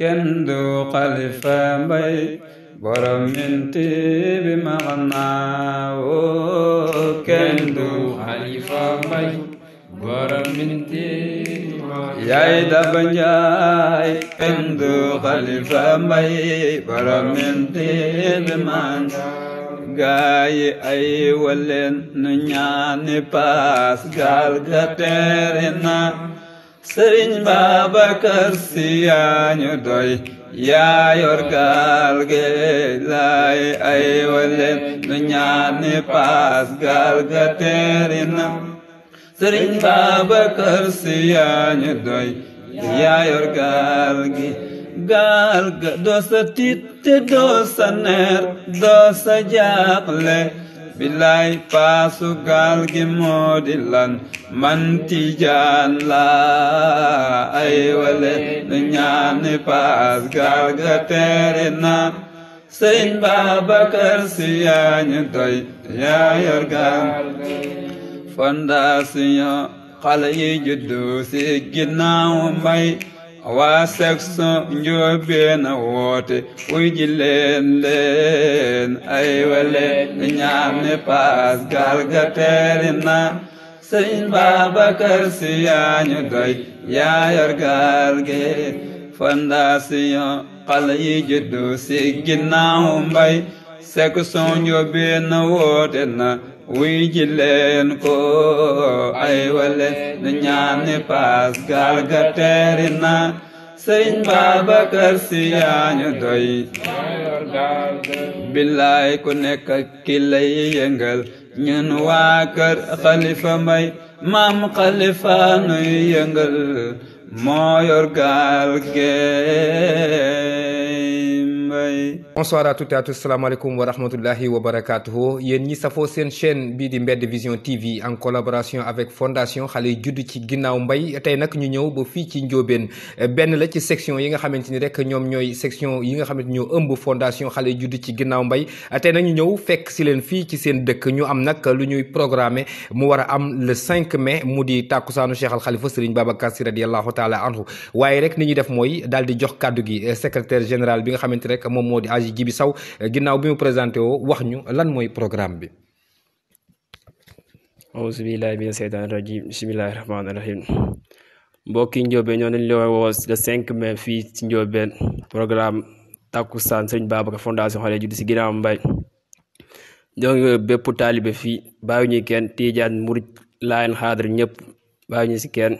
kenn du xalifa mbay borom minti bi maxnaa woo kenn du xalifa borom minti bi maxnaa yaay kenn du xalifa borom minti bi maxnaa gaay ay waleen nu ñaani paas gaal ga sëriñ Babacar Si doy yaa yor gaal ge laay ay waleen paas gaal ga teeri sëriñ Babacar Si doy yaa yor gaal gi gaal ga doo tiit te neer doo sa billaay paasu gaal gi moo lan man tijaan la ay wale nu ñaani paas gaal ga teere na sëñ Babacar Si yaa ñu doy yaa yor gaal fondation xale yi juddu si mbay waa section njoobeen a woote wuy ji leen leen ay wale nga ñaam ne paas gaal teeri na sëñ Babacar Si yaa doy yaa yor gaal ge fondation xale yi juddu si ginnaaw mbay section njoobeen woote na wuy ji ko ay wale na ñaani paas gaal ga teeri na sëriñ Babacar Si yaañu doy billaay ku nekk ak ki lay ñun waa kër xalifa maam xalifa nuy moo yor gaal gee bonsoir à toutes et à tous salaamaaleykum wa rahmatullahi wa barakaatuhu yéen ñi safoo seen chaîne bi di Mbedd Vision TV en collaboration avec fondation xale yu judd ci ginnaaw mbay tey nag ñu ñëw ba fii ci Njóobeen benn la ci section yi nga xamante rek ñoom ñooy section yi nga xamante ñoo ëmb fondation xale yu judd ci ginnaaw mbay tey nag ñu ñëw fekk si leen fii ci seen dëkk ñu am nak lu ñuy programme. mu am le 5 mai mu di tàkkusaanu Cheikh Al Khalifa Serigne Babacar Sy radiallahu taala anhu Waye rek ni ñuy def mooy daal di jox kàddu gi euh, secrétaire général bi nga xamante rek moom moo Alaaji Jibi Saw ginnaaw bi mu présenté woo wax ñu lan mooy programme bi auzubillahi mina seytaani ñoo dañ loo woo le 5 mai fii ci njóobeen programme takkusaan Sëriñ Babacar fondation Xale Juddu ci ginnaaw mbay donc bépp taalibe fii bàyyi ñu kenn tiijaan murit laayen xaadar ñëpp bàyyi ñu ci kenn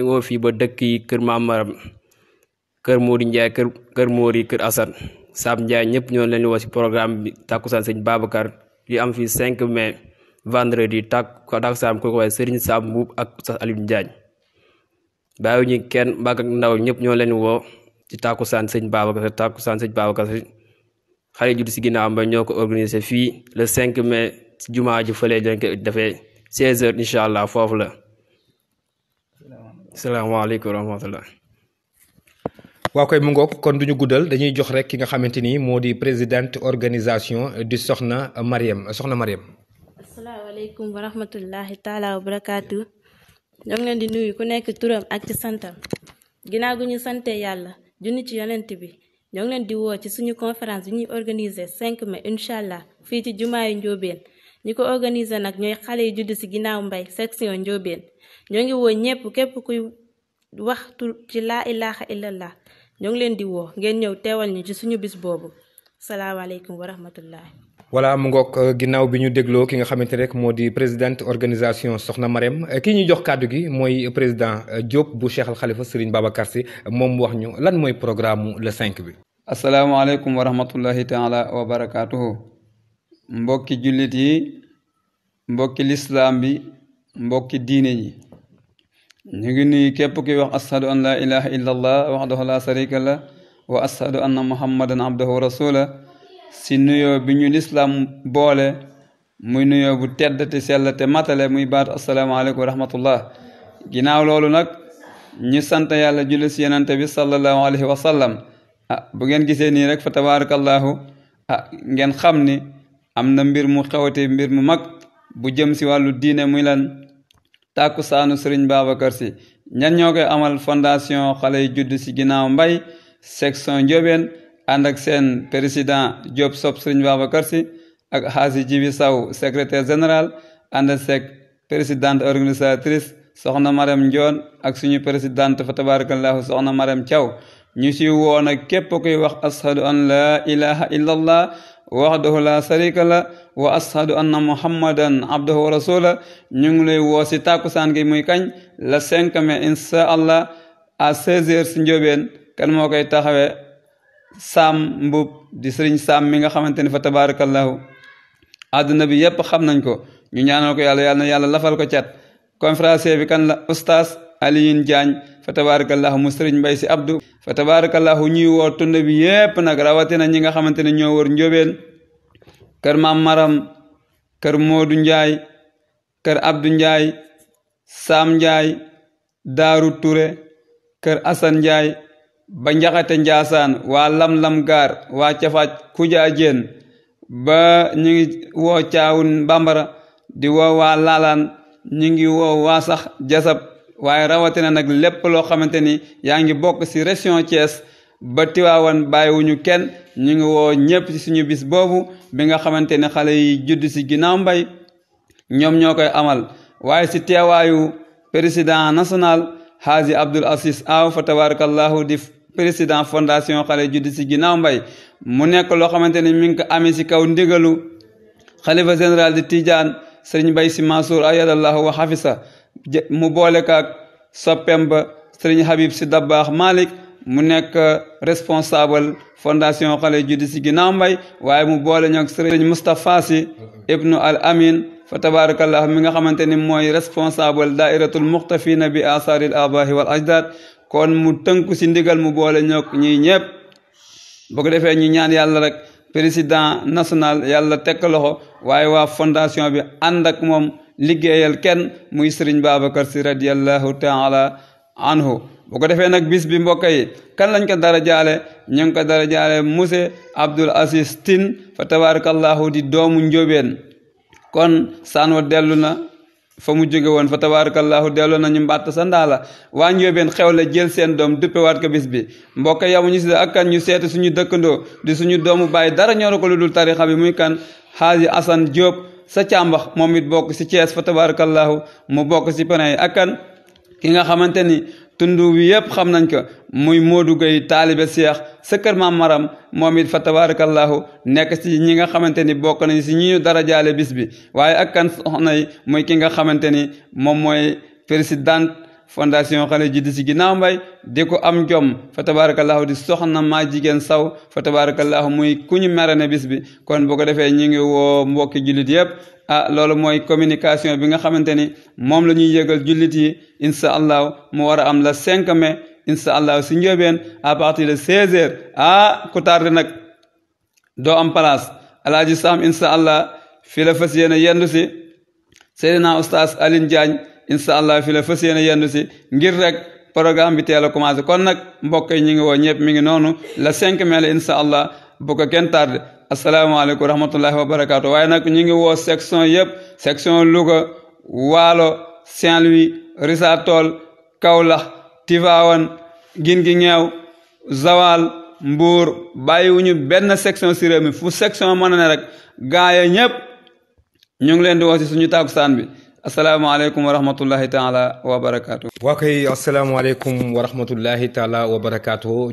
ngoo fii ba dëkk yi kër Mamaram kër Mori Njaay kër kër kër Asan Sab Ndiaye ñëpp ñoo leen woo ci programme bi tàkku tàkkusaan sëñ Babacar li am fii cinq mais vendredi tàkk tàkkusaan ko ko waaye Serigne Sab Mbuub ak Oustaz Aliou Ndiaye bàyyi ñu kenn mag ndaw ñëpp ñoo leen woo ci tàkkusaan sëñ Babacar tàkkusaan sëñ Babacar xale yu judd ci ginnaaw ba ñoo ko organisé fii le 5 mais ci jumaa ji fële dañ ko defee 16 heures allah foofu la. salaamaaleykum waa koy mu kon du ñu guddal dañuy jox rek ki nga xamante ni moo di présidente organisation di Soxna Mariam Soxna Mariam. asalaamaaleykum wa rahmatullahi taala wa barakaatu. ñoo ngi leen di nuyu ku nekk turam ak ci santam. ginnaaw gu ñu sante yàlla junni ci yonent bi. ñoo ngi leen di woo ci suñu conférence bi ñuy organiser 5 mai incha allah fii ci jumaa yu Njóobeen ñi ko organiser nag ñooy xale yu judd si ginnaaw mbay section Njóobeen ñoo ngi woo ñëpp képp kuy waxtu ci laa ilaha illallah ñoo ngi leen di woo ngeen ñëw teewal ñu ci suñu bis boobu salaamaaleykum wa rahmatullahi walaa mu ngoog euh, ginnaaw bi ñu dégloo ki nga xamante rek moo di présidente organisation Soxna Marème euh, kii ñu jox kàddu gi mooy président euh, Diop bu Cheikh Al Khalifa Serigne Babacar Sy moom wax ñu lan mooy programme le 5 bi. asalaamaaleykum wa rahmatullahi taala wa barakaatuhu. mbokki jullit yi mbokki lislaam bi mbokki diine yi. ñu ngi nuyu képp kuy wax ashadu an laa ilaha illa allah waxdahu laa sharika la wa ashadu anna muhammadan abdahu wa rasula si nuyoo bi ñu lislaam boole muy nuyoo bu tedd te sell te matale muy baatu asalaamaaleykum wa rahmatullah ginnaaw loolu nag ñu sant yàlla julli si yenante bi sallallahu alayhi wa sallam ah bu ngeen gisee nii rek fa tabarakallahu ah ngeen xam ni am na mbir mu xewate mbir mu mag bu jëm si wàllu diine muy lan tàkkusaanu serigne Babacar si ñan ñoo koy amal fondation xale yu judd si ginnaaw mbay section Ndiobène ànd ak seen président job sop serigne Babacar si ak xaasi jibi saw secrétaire général ànd sec présidente organisatrice soxna Marem Ndion ak suñu présidente fa tabarakallahu soxna Marem Thiaw ñu ci woon ak képp kuy wax ashadu an la ilaha illallah waxdahu la sharika la wa ashadu anna muhammadan abduhu wa rasula ñu ngi lay woo si tàkkusaan gi muy kañ la cinq mai incha allah à seize heures si njóobeen kan moo koy taxawee sam mbub di sëriñ sam mi nga xamante ni fa tabarakallahu àdduna bi yépp xam nañ ko ñu ñaanal ko yàlla yàlla na yàlla lafal ko cat conférencier bi kan la oustaz Alioune Diagne fa tabarakallahu musëriñ mbay si abdu fa ñi ñuy woo tund bi yépp rawati na ñi nga xamanteni ño wër kër mam maram kër modou ndjay kër abdou ndjay sam ndjay daru touré kër assane ndjay ba njaxate ndiasan wa lam-lam gar wa ba ñi ngi bambara di wo wa lalan ñi ngi wo wa sax jasab waaye rawatina nag lépp loo xamante ni yaa ngi bokk ci région Thiès ba Tiwaawan bàyyiwuñu kenn ñu ngi woo ñépp ci suñu bis boobu bi nga xamante ne xale yi judd ci ginnaaw mbay ñoom ñoo koy amal waaye ci teewaayu président national Haji Abdul Aziz Aw fa tabarakallahu di président fondation xale judd ci ginnaaw mbay mu nekk loo xamante ni mi ngi ko amee ci kaw ndigalu xalifa général de Tidiane sëriñ Bay Si Mansour ayadallahu wa xafisa mu boole ko ak ba sëriñ Habib si Dabbaax Malik mu nekk responsable fondation xale juddi si ginnaaw mbay waaye mu boole ñoog sëriñ mustapha si ibnu al amin fa tabarakallah mi nga xamante ni mooy responsable dairatul muxtafina bi al abahi wal ajdad kon mu tënku si ndigal mu boole ñoog ñii ñëpp boo ko defee ñu ñaan yàlla rek président national yàlla tekk loxo waaye waa fondation bi ànd ak liggéeyal kenn muy sëriñ Babacar si radiallahu taala anhu bu ko defee nag bis bi mbokk yi kan lañ ko dara jaale ñu ngi ko dara jaale Muse Abdul Asis tin fa tabaarakallahu di doomu njóobeen kon saan dellu na fa mu jóge woon fa dellu na ñu mbàtt sa ndaala waa njóobeen xew la jël seen doom duppewaat ko bis bi mbokk amuñu si ak kan ñu seeti suñu dëkkandoo di suñu doomu bàyyi dara ñoru ko lu dul tariqa bi muy kan xaaji Asan Diop sa càmbax moom it bokk si Thiès fa tabarakallahu mu bokk si pene yi ak kan ki nga xamante ni tund wi yëpp xam nañ ko muy Modou Gueye taalibe Seex sa kër maam Maram moom it fa tabarakallahu nekk si ñi nga xamante ni bokk nañ si ñi ñu dara jaale bis bi waaye ak kan soxna muy ki nga xamante ni moom mooy présidente fondation xale ji di si ginnaaw mbay di ko am jom fa tabarakallahu di soxna maa jigéen saw fa tabarakallahu muy ku ñu mere ne bis bi kon bu ko defee ñu ngi woo mbokki jullit yëpp ah loolu moy communication bi nga xamanteni mom lañuy yeggal julit yi incha allah mu wara am la 5 mai incha allah si njóobeen à partir de 16 h a ku tardé nak do am place alaaji sam incha allah fi la fasiyena yendusi yendu si Seydina Oustaz Alioune Diagne incha allah fi la fas yéene yendu si ngir rek programme bi teel a commencé kon nag mbokk yi ñu ngi woo ñëpp mi ngi noonu la 5 mai la incha allah bu ko kenn tardé asalaamaaleykum wa rahmatullahi wa barakaatu waaye nag ñu ngi woo section yëpp section Louga Waalo Saint-Louis Risatol Kaolack Tivaouane Guingi Ñeew Zawal Mbuur bàyyiwuñu benn section si réew mi fu section mën na rek gaaya ñëpp ñu ngi leen di woo si suñu tàkkusaan bi asalaamaaleykum wa rahmatullahi taala wa barakaatu. waa koy asalaamaaleykum wa rahmatullahi taala wa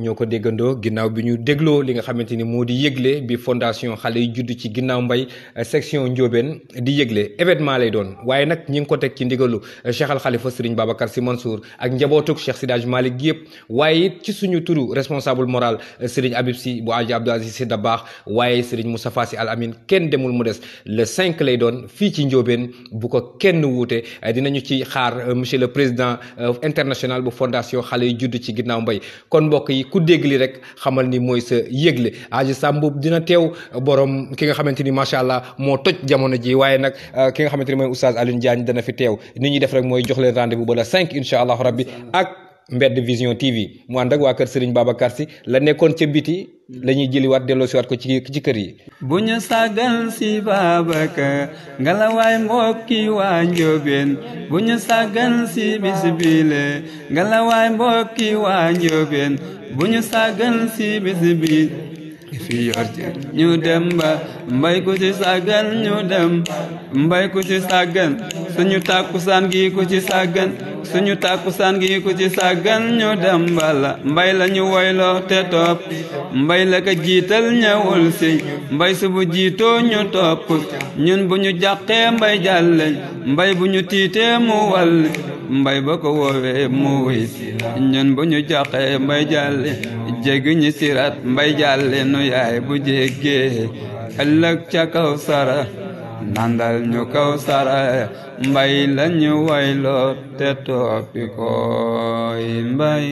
ñoo ko déggandoo ginnaaw bi ñu dégloo li nga xamante ni moo di yëgle bi fondation xale yu juddu ci ginnaaw mbay eh, section Ndiobène di yégle événement lay doon waaye nag ñi ngi ko teg ci ndigalu eh, Cheikh xalifa Khalifa Serigne si Sy Mansour ak njabootug Cheikh Sidaj Malick gi yëpp waaye it ci suñu turu responsable moral eh, Serigne Habib si bu Aji Abdou Aziz Sy Dabakh waaye Serigne Moustapha Sy Al Amin kenn demul mu des le 5 lay doon fii ci Ndiobène bu ko benn wuute eh, dinañu ci xaar euh, monsieur le président euh, international bu fondation xale yu judd ci ginnaaw mbay kon mbokk yi ku dégg li rek xamal ni mooy sa yëgle Aji Samb dina teew euh, borom ki nga xamante ni macha allah moo toj jamono ji waaye nag ki nga xamante ni mooy oustaz Alioune Diagne dana fi teew ni ñuy def rek mooy jox leen rendez-vous ba la 5 incha allah rabbi ak. mbedd vision TV mu ànd ak waa kër Serigne Babacar Sy la nekkoon ca biti mm. la ñuy jëliwaat delloosiwaat ko ci ci kër yi. bu ñu sàggan si Babacar ngalawaay mbokki waa Njóobeen bu ñu sàggan si bis ñu dem ba mbay ku ci sàggan ñu dem mbay ku ci sàggan suñu tàkkusaan gi ku ci sàggan suñu tàkkusaan gi ku ci sàggan ñu dem bala mbay lañu ñu woyloo te topp mbay la ka jiital ñëwul si mbay su jiitoo ñu topp ñun bu ñu jàqee mbay jàlleñ mbay bu ñu tiitee mu wàll mbay ba ko woowee mu wuy ñun bu ñu jàqee mbay jàlle jéggi ñi sirat mbay jàlle nu yaay bu jéggee ëllëg ca kaw nandal ñu kaw mbay lañu wayloo te toppi koy mbay